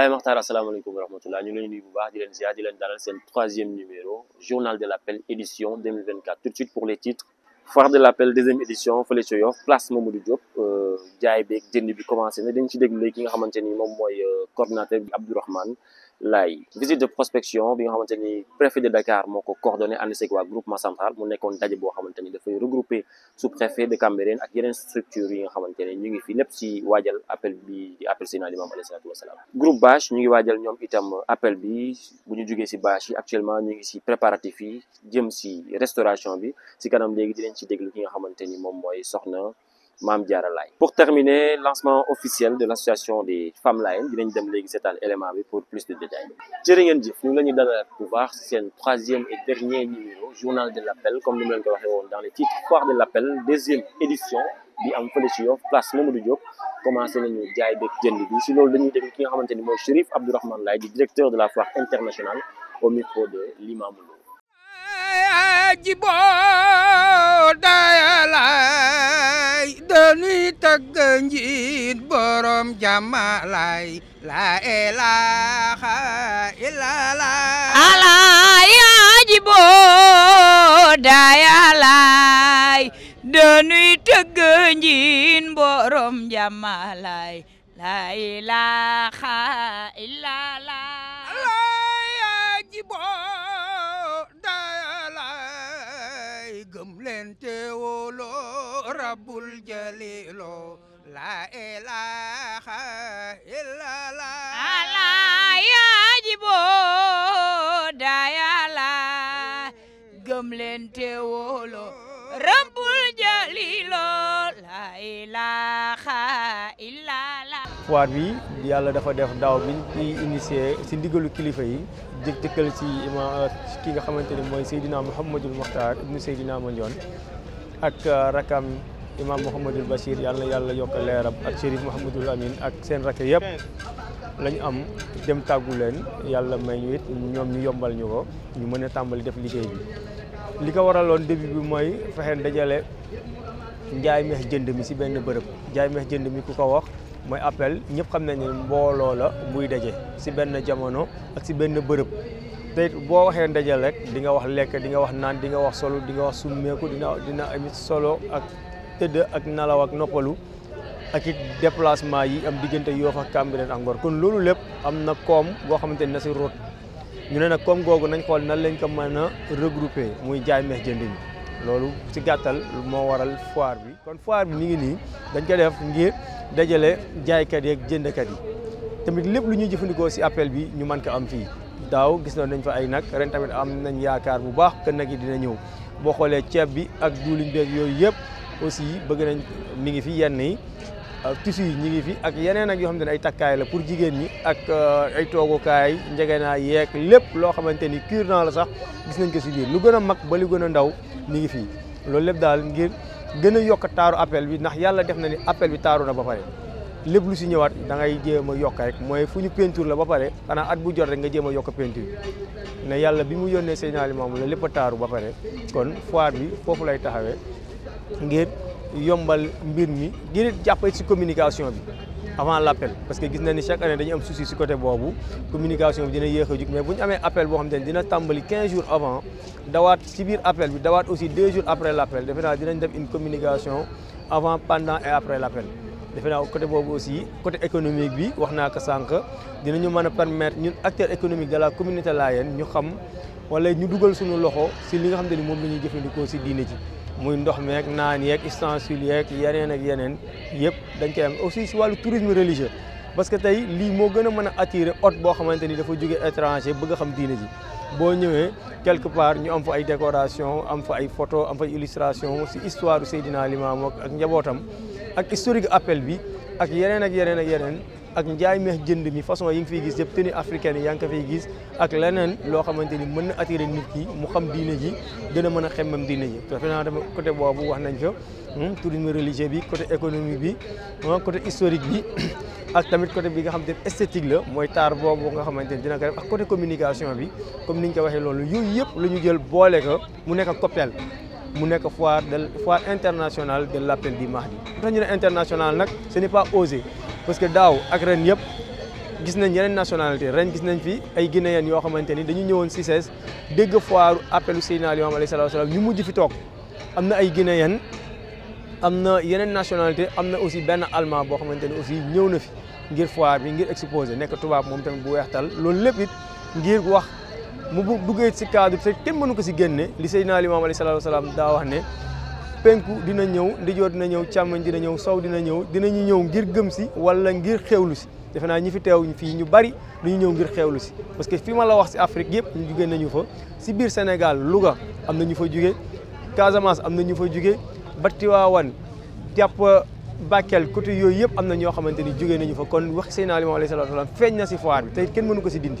Laye salam asalaamaaleykum wa rahmatullah. ñu ngi Nous nuyu bu baax di leen ziar di troisième numéro journal de l'appel édition 2024 tout de suite pour les titres foire de l'appel deuxième édition fële place Mamadou Diop euh, jaay beeg jënd bi commencé na dañ ci déglu léegi ki nga xamante ni moom mooy euh, coordonnateur bi Abdourahmane lay visite de prospection bi nga xamante ni préfet de Dakar moo ko coordonné ànd seeg waa groupement central mu nekkoon daje boo xamante ni dafay regroupé sous préfet de Cambérène ak yeneen structure yi nga xamante ni ñu ngi fi lépp si waajal appel bi di appel Seydina Limamou alayhi salaatu wasalaam groupe bâche ñu ngi waajal ñoom itam appel bi bu ñu jugee si bâche yi actuellement ñu ngi si préparatif yi jëm si restauration bi si kanam léegi dinañ ci déglu ki nga xamante ni moom mooy soxna pour terminer lancement officiel de l'association des femmes Line dinañ dem léegi seetaan élément pour plus de détails jërë ngeen nous ñu de la pouvoir, c'est le troisième et dernier numéro journal de l'appel comme nous l'avons leen dans les titres foire de l'appel deuxième édition bi am en place Mamadou Diop commencé nañu jaay beeg jënd bi si loolu dañuy le ki nga xamante ni mooy directeur de la foire internationale au micro de l'imam laay dañuy tagg njiit borom jàmma la ilaha illallah ala yajibo daya laay dañuy tagg borom jàmma la ilaha illallah ala yajibo الجليل لا إله إلا الله لا يجب ديالا قملين تولو رب الجليل لا إله إلا الله foire bi yalla dafa def daw bi ci initier ci digelu kilifa yi jek jëkkal ci imam ki nga xamanteni moy sayyidina muhammadul muhtar ibn sayyidina Seydina ak rakam imam muhammadul basir yalla yalla yàlla leeram ak cheikh Mouhamadul Amin ak sen rakk yeb lañ am dem tagu len yalla may ñu it ñom ñu yombal ñuko ñu mëna a def liggéey bi. li ko waraloon début bi moy fexen dajale njaay meex jënd mi ci benn bërepp njaay meex jënd mi ku ko wax moy appel ñepp xam nañ mbolo la muy dajé ci benn jamono ak ci benn bërepp day bo waxe ndajal rek di nga wax lek di nga wax nan di nga wax solo di nga wax summeeku dina dina amit solo ak tëdd ak nalaw ak noppalu ak it déplacement yi am digënté Yoff ak Cambérène angor kon loolu lepp am na koom boo xamante na si root ñu né nak kom gogu nañ xol nan lañ ko mëna regrouper muy jaay meex jënd loolu ci gattal mo waral foire bi kon foire bi mi ngi ni dañ ko def ngir jaay kat yi ak kat yi tamit lepp lu ñu jëfëndiko si appel bi ñu man ko am fi daw gis na nañ fa ay nak ren tamit am nañ yaakar bu baax ke nak yi dina ñëw bo xolé ceeb bi ak diwlin ak yoy yépp aussi bëgg nañ mi ngi fi yenn yi tissu yi ñi ngi fi ak yeneen ak yoo xam ne ay takkaay la pour jigéen ñi ak euh, ay toogukaay naa yeeg lépp loo xamante ni cure-dent la sax gis nañ ko si biir lu gën a mag ba lu gën a ndaw mi fi loolu lépp daal ngir gën a yokk taaru appel bi ndax yàlla def na ni appel bi taaru na ba pare lépp lu si ñëwaat da ngay jéem a yokk rek mooy fu ñu peinture la ba pare xanaa at bu jot rek nga jéem a yokk peinture ne yàlla bi mu yónnee Seydina Limaamu la lépp a taaru ba pare kon foire bi foofu lay taxawee ngir yombal mbir mi ngir jàppale ci communication bi avant l'appel, parce que gis na ni chaque année dañu am souci ci côté bobu communication bi dina yéex juk mais buñu amé appel bo xamné dina tambali 15 jours avant dawat ci bir appel bi dawat aussi 2 jours après l'appel, appel defe dinañ def une communication avant pendant et après l'appel, appel. defe côté bobu aussi côté économique bi waxna naa ko sànq dinañu mëna permettre ñun acteur économique de la communauté laayeen ñu xam wala ñu duggal suñu loxo ci li nga xamné mom lañuy moom la ñuy ci muy ndox meeg naan yeeg ustensiles yeeg yeneen ak yeneen yëpp dañ koy am aussi si wàllu tourisme religieux parce que tey lii moo gën a mën a attirer hôte boo xamante ni dafa jóge étranger bëgg a xam diine ji boo ñëwee quelque part ñu am fa ay décoration am fa ay photo am fa ay illustration si histoire Seydina Limaamu ak njabootam ak historique appel bi ak yeneen ak yeneen ak yeneen ak njaay meex jënd mi façon yi nga fiy gis yëpp tenue africaine yi yaa ko fiy gis ak leneen loo xamante ni mën na attiré nit ki mu xam diine ji gën a mën a xemmam diine ji defe naa dama côté boobu wax nañ fa hmm, tourisme religieux bi côté économique bi hmm, côté historique bi ak tamit côté bi nga xamante ni esthétique la mooy taar boobu nga xamante ni dina ko côté communication bi comme ni ñu ko waxee loolu yooyu yëpp la ñu jël boole ko mu nekk coppel mu nekk foire de foire internationale de l'appel du Mahdi. tax ñu ne international nag ce n'est pas osé parce que daaw ak ren yëpp gis nañ yeneen nationalité ren gis nañ fi ay guinéen yoo xamante ni dañu ñëwoon CICES dégg foiru appelu Seydina Limaamu alayhi salaatu salaam ñu mujj fi toog am na ay guinéen am na yeneen nationalité am na aussi benn allemand boo xamante ni aussi ñëw na fi ngir foire bi ngir exposé nekk tubaab moom tamit bu weextal loolu lépp it ngir wax mu duggee si cadre te kenn mënu ko si génne li Seydina Limaamu alayhi salaatu salaam daa wax ne penku dina ñëw ndijoor dina ñëw càmmoñ dina ñëw sow dina ñëw dinañu ñëw ngir gëm si wala ngir xewlu si defe naa ñi fi teew fii ñu bari ñu ñëw ngir xewlu si parce que fi ma la wax si Afrique yëpp ñu jugee nañu fa si biir Sénégal Louga am na ñu fa jugee Casamance am na ñu fa jugee ba Tiwaawan jàpp Bakel côté yooyu yëpp am na ñoo xamante ni jugee nañu fa kon wax Seydina Limaamu alayhi salaatu wa salaam feeñ na si foire bi te kenn mënu ko si dindi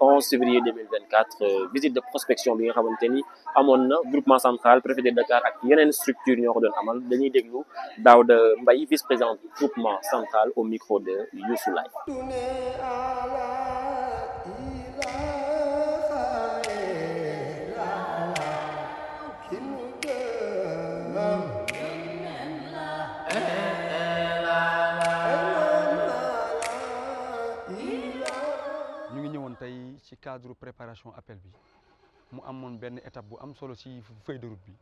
11 février 2024 euh, visite de prospection bi nga xamanteni ni groupement central préfet de Dakar ak yenen structure ñoko ko de amal dañuy déglu Daouda Mbaye vice-président groupement central au micro de Youssou cadre préparation appel bi mu amoon benn étape bu am solo ci feuille de route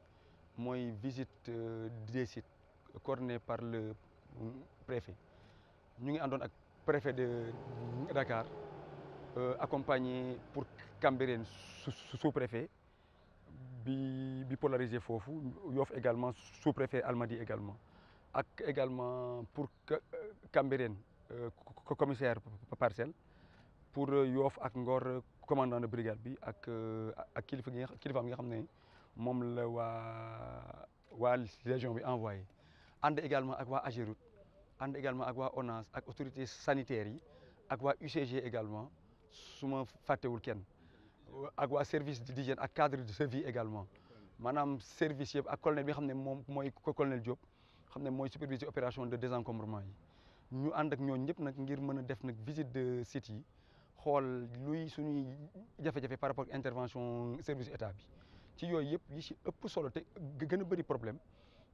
bi visite euh, des sites coordonnée par le euh, préfet Nous avons le préfet de Dakar euh, accompagné pour Cambérène sous-préfet bi bipolarisé Fofu, Yoff également sous-préfet Almadi également également pour Cambérène commissaire parcelle pour Yoff ak Ngor commandant de brigade bi ak euh, ak kilifa gi kilifaam gi nga xamné mom la wa wa région bi envoyé and également ak wa Ageroute and également ak wa onance ak autorités sanitaires yi ak wa UCG également suma faté wul kenn ak wa service d'hygiène ak cadre de vie également manam service yeb ak colonel bi nga xam ne moom colonel Diop xamné moy superviseur opération de désencombrement yi ñu and ak ñooñu ñëpp nak ngir mëna def nak visite de site yi xool luy suñuy jafé jafé par rapport intervention service état bi ci yoy yëpp yi ci ëpp solo té gëna bëri problème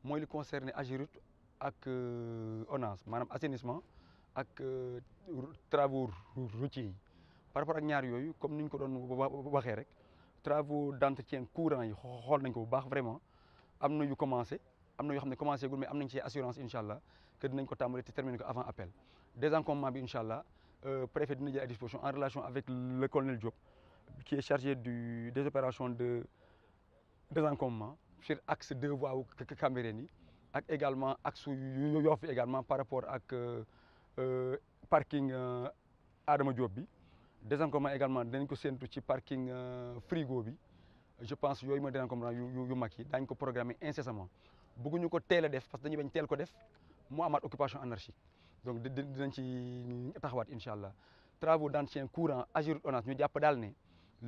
moy li concerné Agirut ak euh, onance manam assainissement ak euh, travaux routiers par rapport ak ñaar yoyu comme niñ ko doon waxé rek travaux d'entretien courant yi xool nañ ko bu baax vraiment amna na yu commencé amna yo xamné commencé gul mais am ci assurance inshallah, que dinañ ko tàmbali té terminer ko avant appel désencombrement bi inshallah euh, préfet de à disposition en relation avec le colonel Diop, qui est chargé du, des opérations de désencombrement sur axe de voie au Camerouni, et également axe Yoff également par rapport à euh, euh, parking euh, Adama Diop. Désencombrement également, nous avons parking euh, frigo. Bi. je pense que yooyu mooy désencombrement yu yu mag ko incessamment Si nous avons tel def parce que nous avons tel ko nous avons une occupation anarchique donc dinañ ci taxawat inshallah. travaux d'entretien courant Agirut ONAS ñu ne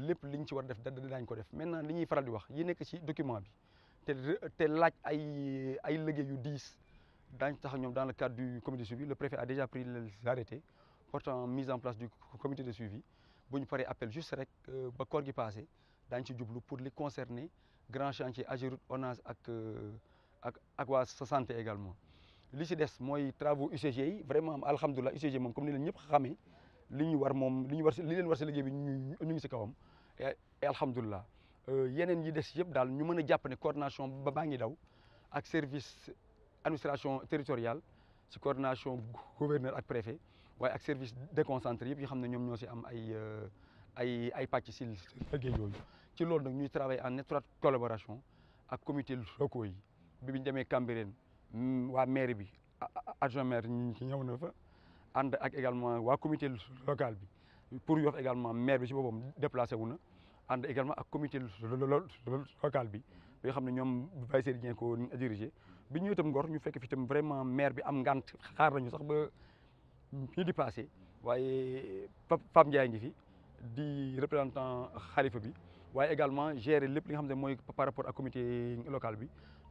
lepp liñ maintenant liñuy faral di wax yi ci document bi laaj dans le cadre du comité de suivi le préfet a déjà pris l'arrêté la mise en place du comité de suivi Nous appel juste rek euh, ba passé ci pour les concerner grand chantier Agirut ONAS euh, ak ak ak également li ci dess moy travaux UCG yi vraiment alhamdullah UCG mom comme ni leen xamé li ñu war mom li ñu war li leen war ci liggéey bi ñu ñu ngi si kawam alhamdulilah euh, yeneen yi des yëpp daal ñu mëna japp né coordination ba baa daw ak service administration territoriale si coordination gouverneur ak préfet way ak service déconcentré yëpp yoo xamné ñom ñoo ci am ay euh, ay ay pàcc si liggéey yooyu ci lool nak ñuy travailler en étroite collaboration ak comité locaux yi bi biñu démé Cambérène Mm, wa maire bi adjoint maire ñëw na fa ànd ak également wa comité local bi pour Yoff également maire bi ci bobom déplacer wu na ànd également ak comité local bi bi xam ne ñoom Baye Seydi Dieng ko diriger bi ñu itam Ngor ñu fekk fi itam vraiment maire bi am ngant xaar nañu sax ba ñu di passé waaye fam jaay ngi fi di représentant xalifa bi waye également gérer lepp li nga xam moy par rapport à comité local bi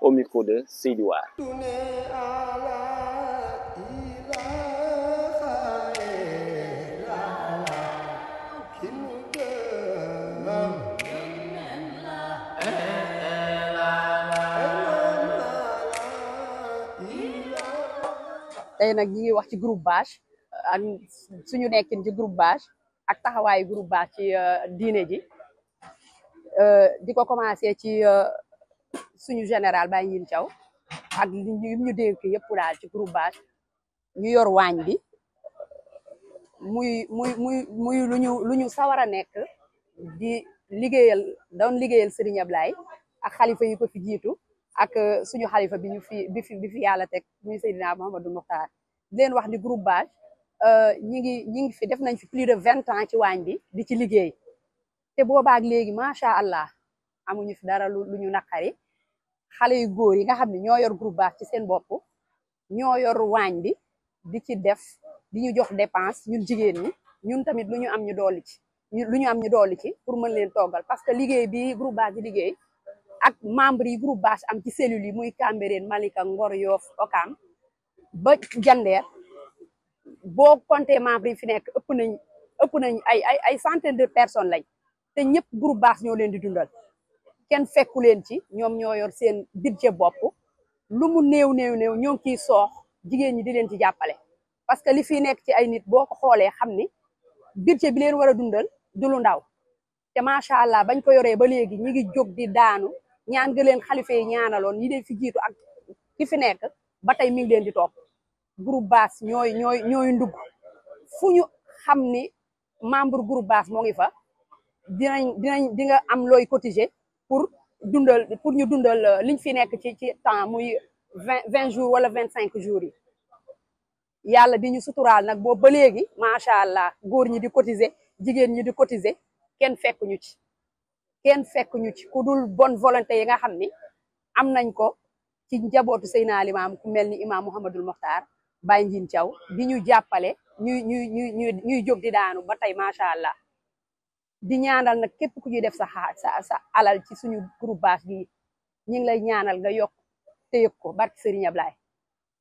au micro de Seydiouar. tey nag ñi ngi wax ci groupe bâche ak suñu nekkin ci group bâche ak taxawaayu groupe bâche ci euh, diine ji euh, di ko commencé ci euh, suñu général Baye Ngine Thiaw ak li ñu dénk yëpp daal ci groupe bâche ñu yor waañ bi muy muy muy muy luñu lu ñu sawar a nekk di liggéeyal doon liggéeyal Serigne Ablaye ak xalifa yi fi jiitu ak euh, suñu xalifa bi ñu fi bi fi bi fi yàlla teg muy Seydina Mouhamadou Mokhtar di leen wax ni groupe bâche euh, ñi ngi ñi ngi fi def nañ fi plus de vingt ans ci waañ bi di ci liggéey te boobaak léegi macha allah amuñu fi dara luñu nakari xalé yu goor yi nga xamni ño yor groupe baax ci seen bop ño yor wañ bi di ci def di jox dépense ñun jigéen ñi ñun tamit luñu am ñu doli ci luñu am ñu doli ci pour mën leen togal parce que liggéey bi groupe baax di liggéey ak membre yi groupe am ci cellule yi muy Cambérène Malika Ngor Yoff okam ba jander bo konté membre yi fi nek ëpp nañ ëpp nañ ay ay ay centaine de personnes lañ té ñëpp groupe baax ño leen di dundal kenn fekku leen ci ñoom ñoo yor seen budget bopp lu mu néew néew néew ñoo ngi soox jigéen ñi di leen ci jàppale parce que li fi nekk ci ay nit boo ko xoolee xam ni budget bi leen war a dundal du lu ndaw te macha allah bañ ko yoree ba léegi ñi ngi jóg di daanu ñaan nga leen xalifa yi ñaanaloon ñi leen fi jiitu ak ki fi nekk ba tey mi ngi leen di topp group basse ñooy ñooy ñooy ndugg fu ñu xam ni membre group basse moo ngi fa dinañ dinañ di nga am looy cotigé pour dundal pour ñu dundal euh, liñ fi nekk ci ci temps muy vingt vingt jours wala vingt cinq jours yi yàlla di ñu suturaal nag boobu ba léegi macha allah góor ñi di cotiser jigéen ñi di cotiser kenn fekk ñu ci kenn fekk ñu ci ku dul bonne volonté yi nga xam ni am nañ ko ci njabootu Seyna Limaam ku mel ni imaam Mouhamadul Mokhtar Baye Ndiin Thiaw di ñu jàppale ñuy ñuy ñuy ñuy jóg di daanu ba tey macha allah. di ñaanal nag képp ku ñuy def sa sa sa alal ci suñu groupe baax gi ñu ngi lay ñaanal nga yokk te yëg ko barki Serigne Ablaye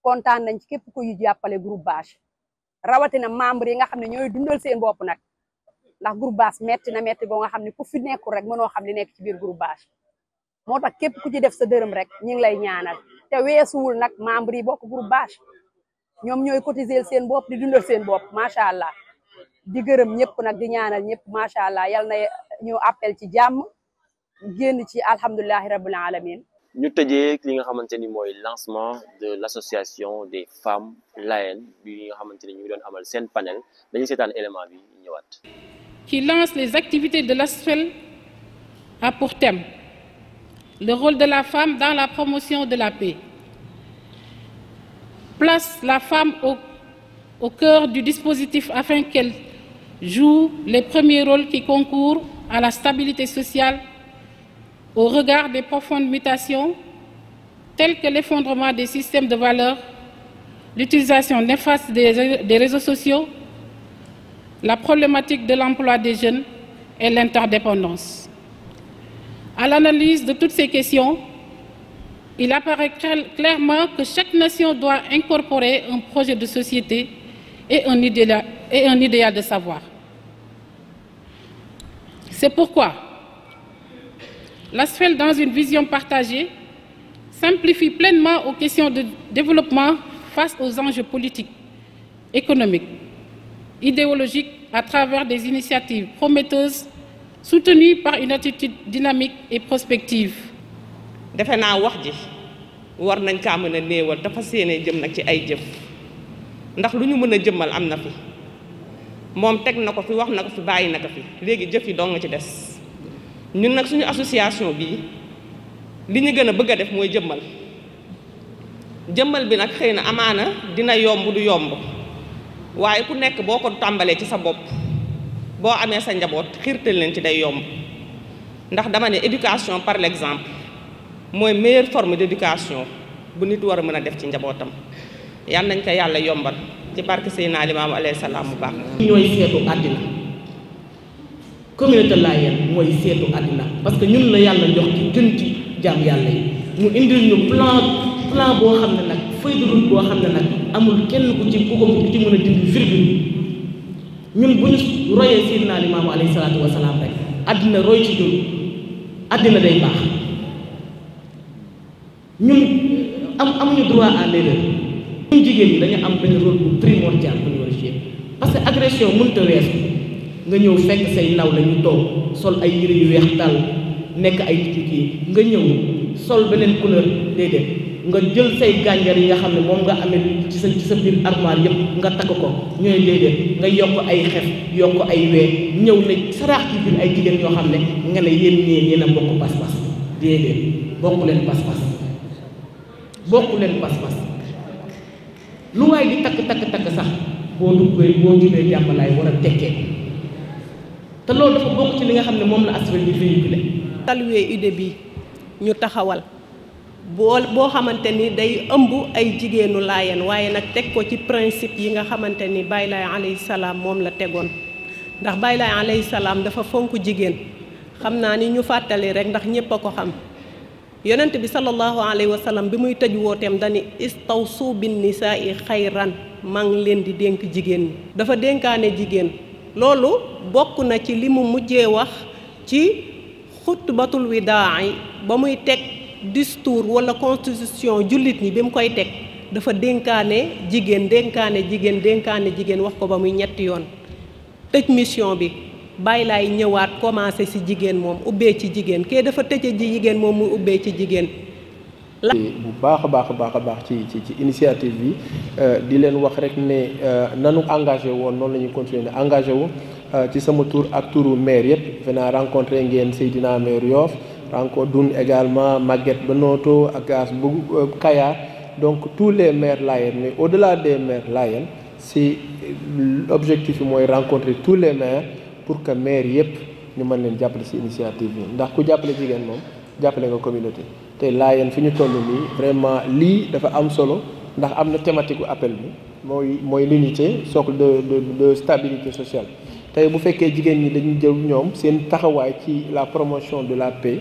kontaan nañ ci képp ku ñu jàppale groupe rawatina membre yi nga xam ne ñooy dundal seen bopp nag ndax groupe bâche metti na metti boo nga xam ne ku fi nekkul rek mënoo xam li nekk ci biir groupe bâche moo tax képp ku ci def sa dërëm rek ñu ngi lay ñaanal te weesuwul nag membre yi bokk groupe bâche ñoom ñooy cotiser seen bopp di dundal seen bopp macha di gërëm ñëpp nag di ñaanal ñëpp macha allah yal na ñu appel ci jàmm génn ci alhamdulilahi rabbil alamin ñu tëjee li nga xamante ni mooy lancement de l'association des femmes laen bi nga xamante ni ñu doon amal seen panel dañuy seetaan élément bi ñëwaat. qui lance les activités de l'ASFEL a pour thème le rôle de la femme dans la promotion de la paix place la femme au au cœur du dispositif afin qu'elle jouent les premiers rôles qui concourent à la stabilité sociale au regard des profondes mutations telles que l'effondrement des systèmes de valeur, l'utilisation néfaste des réseaux sociaux, la problématique de l'emploi des jeunes et l'interdépendance. À l'analyse de toutes ces questions, il apparaît clairement que chaque nation doit incorporer un projet de société et un idéal de savoir. C'est pourquoi l'ASFEL, dans une vision partagée, simplifie pleinement aux questions de développement face aux enjeux politiques, économiques, idéologiques, à travers des initiatives prometteuses soutenues par une attitude dynamique et prospective. moom teg na ko fi wax na ko fi bàyyi na ko fi léegi jëf yi dong nga ci des ñun nag suñu association bii li ñu gën a bëgg a def mooy jëmmal jëmmal bi nag xëy na amaana dina yomb du yomb waaye ku nekk boo ko tàmbalee ci sa bopp boo amee sa njaboot xiirtal leen ci day yomb ndax dama ne éducation par l'exemple mooy meilleure forme d'éducation bu nit war a mën a def ci njabootam yal nañ ko yàlla yombal ci barke Seydina Limaamu alayhi salaam bu baax. ñooy seetu àddina communauté Layène mooy seetu àddina parce que ñun la yàlla jox ci gën jaam yàlla yi mu indil ñu plan plan boo xam ne nag feuille de boo xam ne nag amul kenn ku ci ku ko ku ci mën a dindi virgule ñun bu ñu royee Seydina Limaamu alayhi salaatu wa salaam rek àddina roy ci ñun àddina day baax ñun am amuñu droit à l'erreur ñun jigéen ñi dañu am benn rôle bu primordial bu ñu war a jouer parce que agression mënta ya. weesu nga ñëw fekk say ndaw la ñu toog sol ay yëre yu weex dal nekk ay nit kii nga ñëw sol beneen couleur déedéet nga jël say gànjar yi ya, nga xam ne moom nga amee ci sa ci sa biir armoire yëpp nga takk ko ñooy déedéet nga yokk ay xef yokk ay wee ñëw ne saraax ci biir ay jigéen ñoo xam ne nga ne yéen ñee yéen a bokk pas-pas déedéet bokk leen pas-pas bokk leen pas-pas lu waay di takk takk takk sax boo duggee boo jubee jàmbalaay war a tekkee te loolu dafa bokk ci li nga xam ne moom la Asbel di véhiculé bi ñu taxawal boo xamante ni day ëmb ay jigéenu laayeen waaye nag teg ko ci principe yi nga xamante ni Baye Laye salaam moom la tegoon ndax Baye Laye salaam dafa fonk jigéen xam naa ni ñu fàttali rek ndax ñépp a ko xam yonent bi sallallahu alayhi wa sallam bi muy tëj wooteem dani istawsu bin nisaa'i xayran maa ngi leen di dénk jigéen ñi dafa dénkaane jigéen loolu bokk na ci li mu mujjee wax ci xutbatul widaay ba muy teg discours wala constitution jullit ñi bi mu koy teg dafa dénkaane jigéen dénkaane jigéen dénkaane jigéen wax ko ba muy ñetti yoon tëj mission bi baylay ñëwaat commencé ci jigen mom ubbee ci jigen kee dafa tëje ji jigen mom mu ubbee ci jigen bu baax a baax baax baax ci ci ci initiative bi euh, di leen wax rek né euh, nañu engagé woon non la ñuy continuer engagé wu euh, ci sama tour ak touru maire yépp fenaa rencontrer ngeen Seydina maire Yoff rencontre dun également Maguette Benoto ak As bu Kayar donc tous les maires layen mais au delà des maires layen c'est objectif moy rencontrer tous les maires pour que maire yëpp ñu mën leen jàppale ci initiative bi ndax ku jàppale jigéen moom jàppale nga communauté te laayeen fi ñu toll nii vraiment lii dafa am solo ndax am na thématique appel bi mooy mooy l'unité socle de de de stabilité sociale tey bu fekkee jigéen ñi dañu jël ñoom seen taxawaay ci la promotion de la paix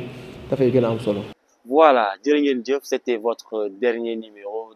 dafay gën a am solo. voilà jërë ngeen jëf c'était votre dernier numéro.